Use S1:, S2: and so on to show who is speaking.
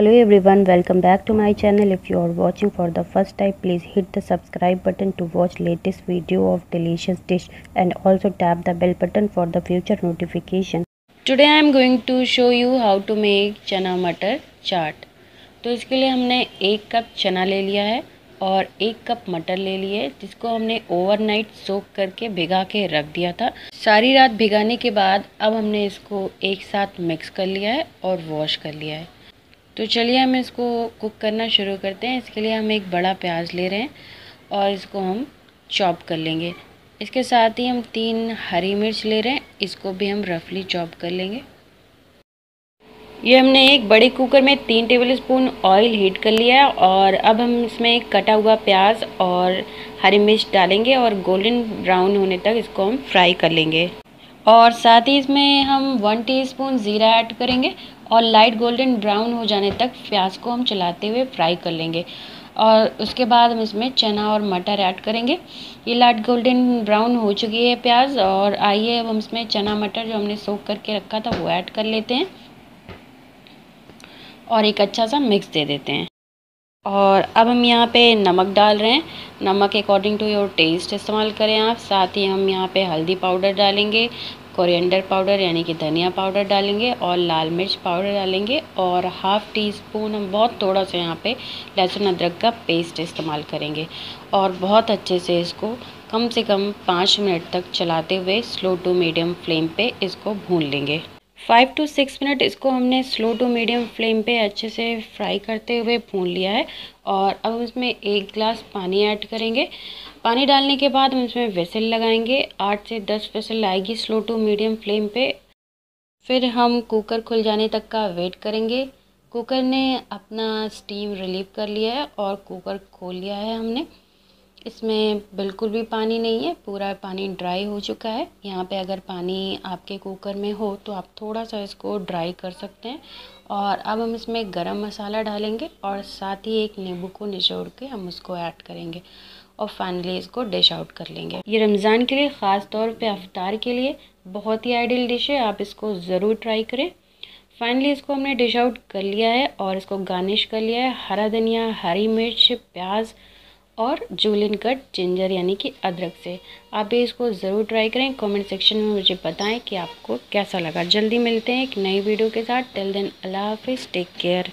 S1: hello everyone welcome back to my channel if you are watching for the first time please hit the subscribe button to watch latest video of delicious dish and also tap the bell button for the future notification today I am going to show you how to make chana matar चाट तो इसके लिए हमने एक cup चना ले लिया है और एक कप मटर ले लिए जिसको हमने ओवरनाइट सोक करके भिगा के रख दिया था सारी रात भिगाने के बाद अब हमने इसको एक साथ मिक्स कर लिया है और वॉश कर लिया है तो चलिए हम इसको कुक करना शुरू करते हैं इसके लिए हम एक बड़ा प्याज ले रहे हैं और इसको हम चॉप कर लेंगे इसके साथ ही हम तीन हरी मिर्च ले रहे हैं इसको भी हम रफली चॉप कर लेंगे ये हमने एक बड़े कुकर में तीन टेबल स्पून ऑयल हीट कर लिया है और अब हम इसमें कटा हुआ प्याज और हरी मिर्च डालेंगे और गोल्डन ब्राउन होने तक इसको हम फ्राई कर लेंगे और साथ ही इसमें हम वन टीस्पून ज़ीरा ऐड करेंगे और लाइट गोल्डन ब्राउन हो जाने तक प्याज को हम चलाते हुए फ्राई कर लेंगे और उसके बाद हम इसमें चना और मटर ऐड करेंगे ये लाइट गोल्डन ब्राउन हो चुकी है प्याज और आइए अब हम इसमें चना मटर जो हमने सोख करके रखा था वो ऐड कर लेते हैं और एक अच्छा सा मिक्स दे देते हैं और अब हम यहाँ पे नमक डाल रहे हैं नमक अकॉर्डिंग टू योर टेस्ट इस्तेमाल करें आप साथ ही हम यहाँ पे हल्दी पाउडर डालेंगे कोरिएंडर पाउडर यानी कि धनिया पाउडर डालेंगे और लाल मिर्च पाउडर डालेंगे और हाफ़ टी स्पून हम बहुत थोड़ा सा यहाँ पे लहसुन अदरक का पेस्ट इस्तेमाल करेंगे और बहुत अच्छे से इसको कम से कम पाँच मिनट तक चलाते हुए स्लो टू मीडियम फ्लेम पर इसको भून लेंगे फाइव टू सिक्स मिनट इसको हमने स्लो टू मीडियम फ्लेम पे अच्छे से फ्राई करते हुए भून लिया है और अब उसमें एक ग्लास पानी ऐड करेंगे पानी डालने के बाद हम इसमें वेसल लगाएंगे आठ से दस वेसल आएगी स्लो टू मीडियम फ्लेम पे फिर हम कुकर खुल जाने तक का वेट करेंगे कुकर ने अपना स्टीम रिलीव कर लिया है और कुकर खोल लिया है हमने इसमें बिल्कुल भी पानी नहीं है पूरा पानी ड्राई हो चुका है यहाँ पे अगर पानी आपके कुकर में हो तो आप थोड़ा सा इसको ड्राई कर सकते हैं और अब हम इसमें गरम मसाला डालेंगे और साथ ही एक नींबू को निचोड़ के हम उसको ऐड करेंगे और फाइनली इसको डिश आउट कर लेंगे ये रमज़ान के लिए ख़ास तौर पर अफ्तार के लिए बहुत ही आइडियल डिश है आप इसको ज़रूर ट्राई करें फाइनली इसको हमने डिश आउट कर लिया है और इसको गार्निश कर लिया है हरा धनिया हरी मिर्च प्याज़ और जूलिन कट जिंजर यानी कि अदरक से आप भी इसको ज़रूर ट्राई करें कमेंट सेक्शन में मुझे बताएं कि आपको कैसा लगा जल्दी मिलते हैं एक नई वीडियो के साथ टेल देन अल्लाह हाफिज़ टेक केयर